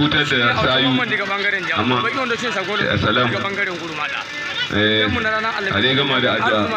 cutar da sayu amma ya eh, salam eh, a ne gama da addu'a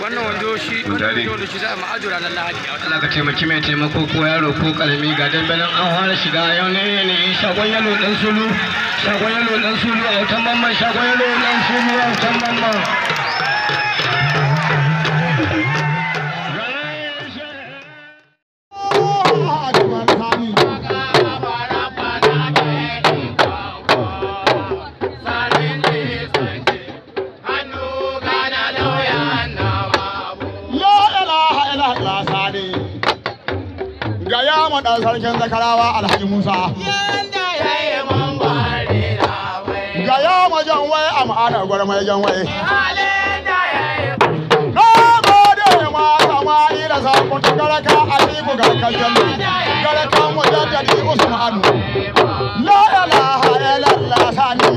wannan wando shi wannan wando shi za a ma'ajo ranar lahadi Allah ka taimaki mai taimako ko yaro ko kalmi ga dambalin an fara shiga yau ne ne shagon yalo dan sulu shagon yalo dan sulu a wutan mamman shagon yalo dan sulu a wutan mamman sarkin zakarawa alhaji musa ga ya majan wai a ma'anar gwarmai jan wai da zakon garaka alibu garkan jallu mujaddadi usmanu la sani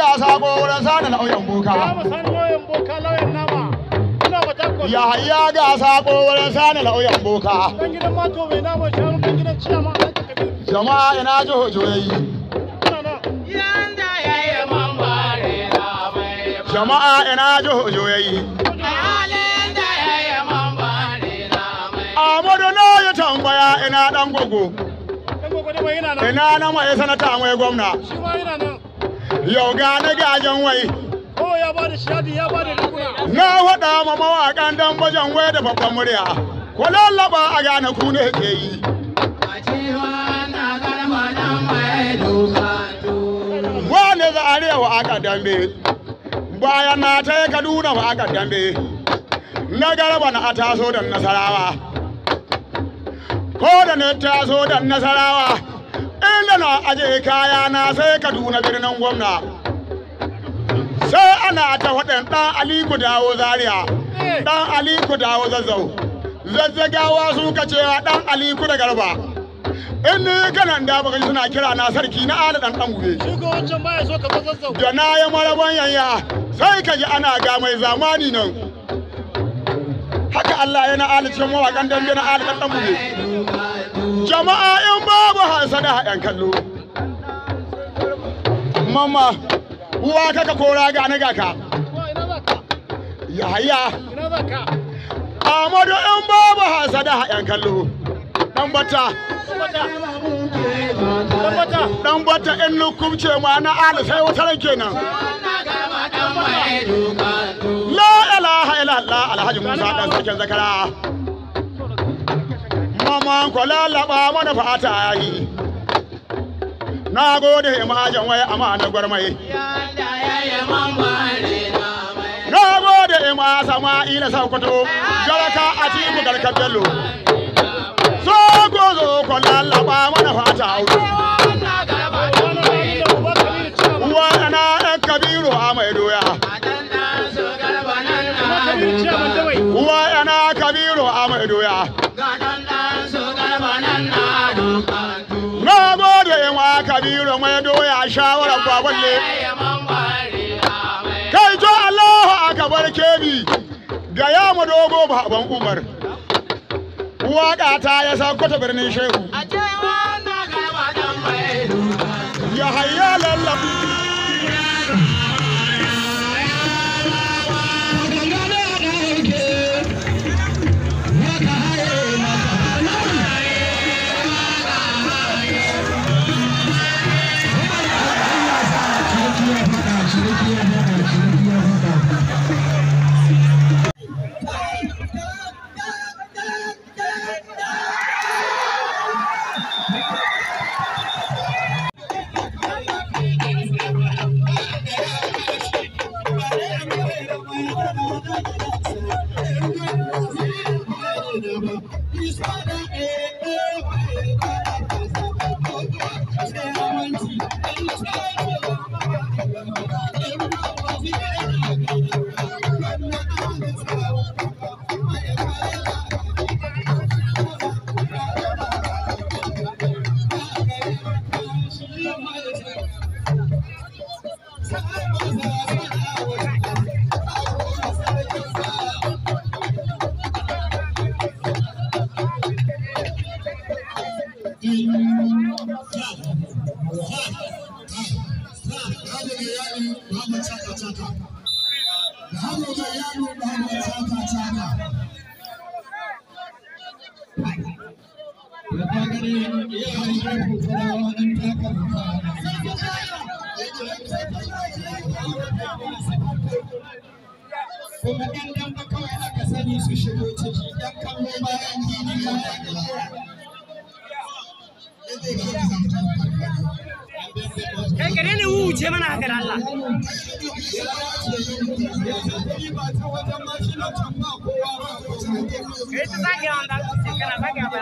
ga sabo wurin sanin lauyan boka ya hayya ga sako wurin sani na lauyan boka jama'a ina ji hujjoyi jama'a ina ji hujjoyi amadu na yi tambaya ina dan gogo ina na mai sanata mai gwamna yau gane gajen wai Oh, ya ba da shadi ya ba da na waɗa ma mawaƙan dan bajan wai da babban murya ko a gane ku ne ke yi wane za a wa aka dambe bayan na ta yi kaduna wa aka dambe na garba na a taso da nasarawa ko da na taso da nasarawa inda na aje kaya na sai kaduna birnin gwamna sai ana ta faɗin ɗan aliku dawo zaria eh. ɗan aliku dawo zazzau zazzagawa su ka cewa ɗan aliku da garba in ni kanan da baka suna kira na sarki na ala ɗan ɗan gube baya so ka zazzau da na yi maraban yanya sai ka ji ana ga mai zamani nan haka Allah yana alicin mawaƙan dambe na ala ɗan ɗan gube jama'a in babu hansa da haɗin kallo mama uwa kaka kora ga na gaka yahaya amadu in babu hasada yan kallo dan bata dan bata in ce ma na ala sai wata ran kenan la ilaha illallah alhaji musa dan sarkin zakara mama ko lalaba mana fata yi na gode imajan wai amana gwarmai na gode ima sama'ila saukoto garaka a cikin garka bello so gozo ko lallaba mana fata auto wana ɗan kabiru a mai doya wana kabiru a mai doya wa kabiru mai doya shawarar baballe kai jo allahu akabar kebi ga ya mu dogo baban umar waka ta ya sakwata birnin shehu ya hayya lallabu Hano da yaro da hana caka caka. Da bangare yaran gefe kudawa an taka rufa. Kuma ɗan ɗan ba kawai aka sani su shigo ciki ɗan kallo bayan gini ya yi. ce mana haka da Allah kai ta wanda kana ba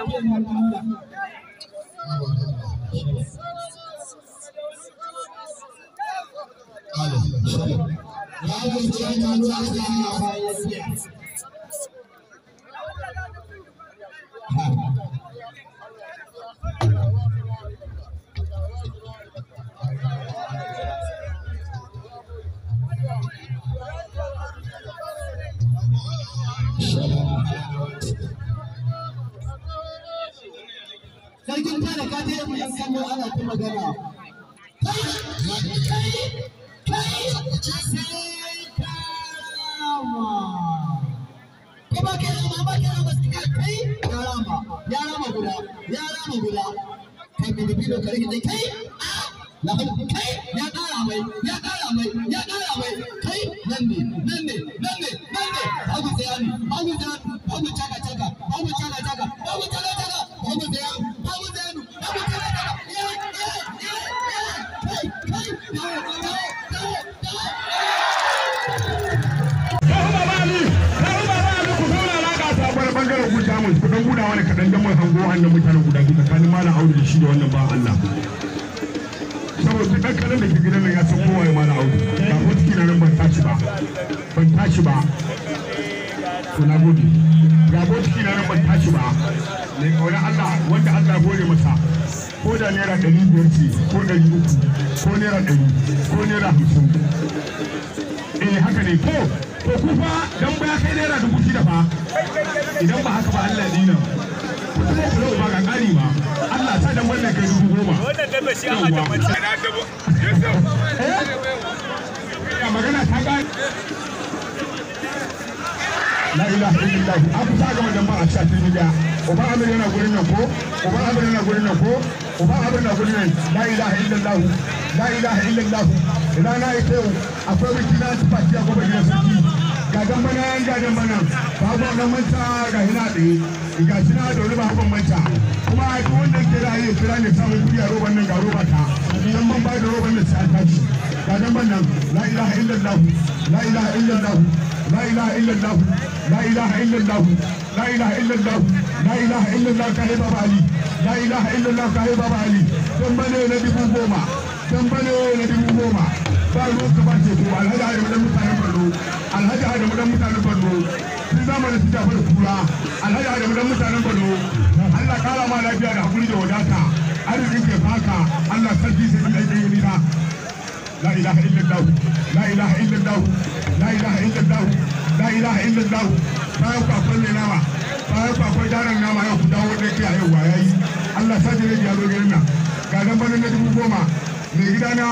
magana kuma ke rama ba ke rama suka kai ya rama ya rama guda ya rama guda kai mai da bilo kare da kai na kai ya kara mai ya kara mai ya kara mai kai nan ne nan ne wannan mutanen guda biyu tsakanin na audu da shi da wannan ba Allah saboda su ɗan kanan da ke gidan nan ya san kowa ya malam audu ba ko ciki nan ban tashi ba ban tashi ba to na gode ga ko ciki nan ban tashi ba ne kaunar Allah wanda Allah gode masa ko da naira ɗari biyar ce ko ɗari uku ko naira ɗari ko naira hamsin eh haka ne ko ko kufa dan ba kai naira dubu shida fa idan ba haka ba Allah dina yau ba ka ƙari ba Allah ta dan wannan kai dubu goma wannan dabba shi an hata mace na dabo ya magana ta ga la ilaha illallah aku ta ga wannan ba a cikin duniya uba abin yana gurin nan ko uba abin yana gurin nan ko uba abin yana gurin nan la ilaha illallah la ilaha illallah idan na yi yau akwai biki na tafiya gobe gidan sarki gajan bana yan gajan bana babu wannan manta ga hina tsaye ga shi na dole ba hakan manta kuma a duk wanda ke raye kira ne samun kudi a roban nan ga roba ta dan ban bai da roban nan sai an tashi gajan bana la ilaha illallah la ilaha illallah la ilaha illallah la ilaha illallah la ilaha illallah la ilaha illallah kai baba ali la ilaha illallah kai baba ali dan bane na dubu goma dan bane na dubu goma ba ruwan ka ba teku alhaji adamu dan mutanen borno alhaji adamu dan mutanen borno sun zamanin su jafar kura alhaji adamu dan mutanen borno allah kara ma lafiya da hakuri da wadata arzikin ke faka allah sarki sai da yake yi na la ilaha illallah la ilaha illallah la ilaha illallah la ilaha illallah bayan kwakwar ne nama bayan kwakwar jaran nama ya ku dawo da ke a yau wa yayi allah sa da ya zo gidan nan ga dan na dubu goma mai gidana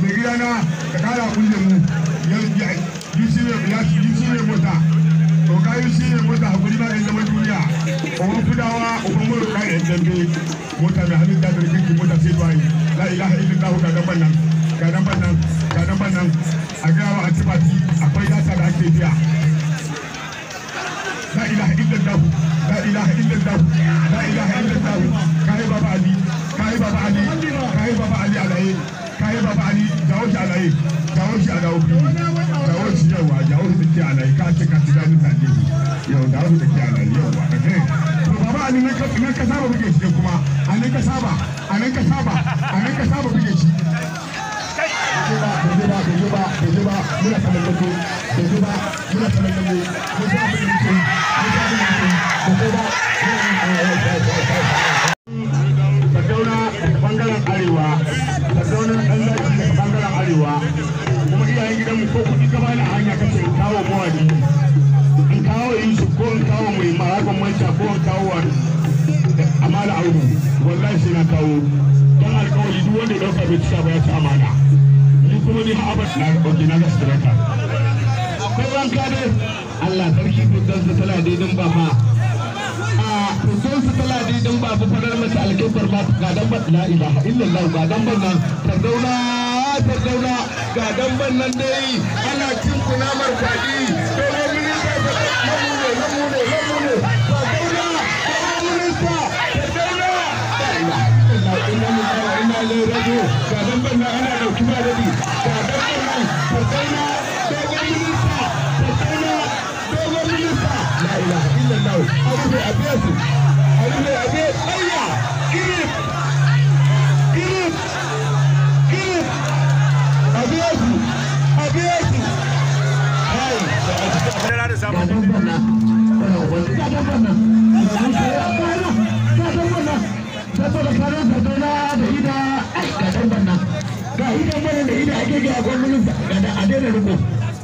mai gidana ka kara kulle mu yi shi ne blas yi shi ne mota to ka yi shi ne mota hakuri ba yan zaman duniya kuma kudawa kuma mura ka yan dambe mota mai hannun ta da mota sai duwaye la ilaha illallah ka gaban nan ka gaban nan ka gaban nan a gawa a tibati akwai yasa da ake biya la ilaha illallah la ilaha illallah la ilaha illallah kai baba ali kayi baba ali kayi baba ali alaye kayi baba ali jawo alaye jawo alawo bi jawo yawa jawo shi dake alaye ka ce ka tiga ni tande yau jawo shi dake alaye yawa ka baba ali nan ka nan ka saba buge shi kuma a nan ka saba a nan ka saba a nan ka saba buge shi Bejuba, bejuba, bejuba, bejuba, muna sanar wancan ko kawo a audu wallahi sai na kawo don alkawari duk wanda ya dauka bai ci ba ya ci amana ni kuma ni ha abad na ɗauki na gasu raka akwai wanka ne Allah sarki fitan su tana daidan ba ma a fitan su tana daidan ba fa fadar mata alkaibar ba ga dan ba la ilaha illallah ga dan ban nan tardauna tardauna ga dan ban nan dai ana cin kunamar kwadi rajo ga damban nan ana dauki ba rabi ga damban nan fasaina dogon minista fasaina dogon da rubo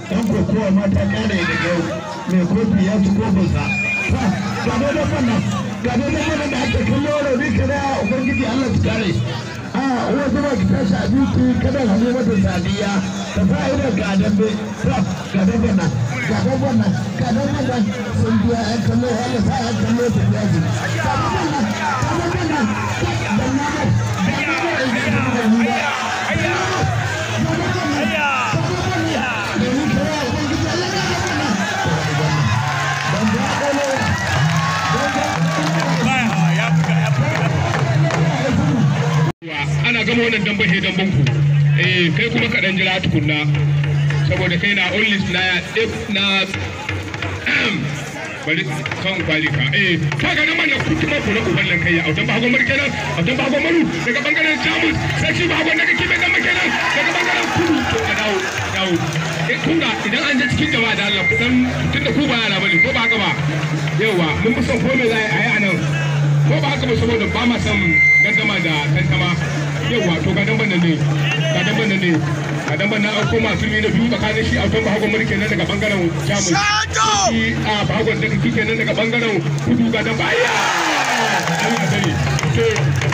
dan ko ma ta kare da yau mai kofi ya ci kofinsa ga dai wannan ga dai wannan da ake kallo da bi kada ubangiji Allah su kare a wasu ba ki tashi abinci kada hannu mata sadiya ta sa ida ga dambe ga dambe nan ga dambe nan ga dambe nan sun biya kallo Allah sa kallo ta biya ga dambe nan bashe dan banku eh kai kuma ka dan jira tukunna saboda kai na only list na eh, na bari kan kwalika eh ka ga nan mana kuma ku na uban nan ya autan ba bago mar kenan a ba bago maru daga bangaren jamus sai shi bago daga kibe dan kenan daga bangaren kudu to ka dawo dawo eh kun idan an je cikin jama'a da Allah kudan tunda ku ba yara bane ko ba haka ba yawa mun fi son ko me za a yi a nan ko ba haka ba saboda ba ma son gaddama da tantama yawa to ga damban nan ne ga damban nan ne ga damban nan an koma sulmi na biyu tsakanin shi autan bahagon mulki nan daga bangaren jamus shi a bahagon daga kike nan daga bangaren kudu ga damba ayya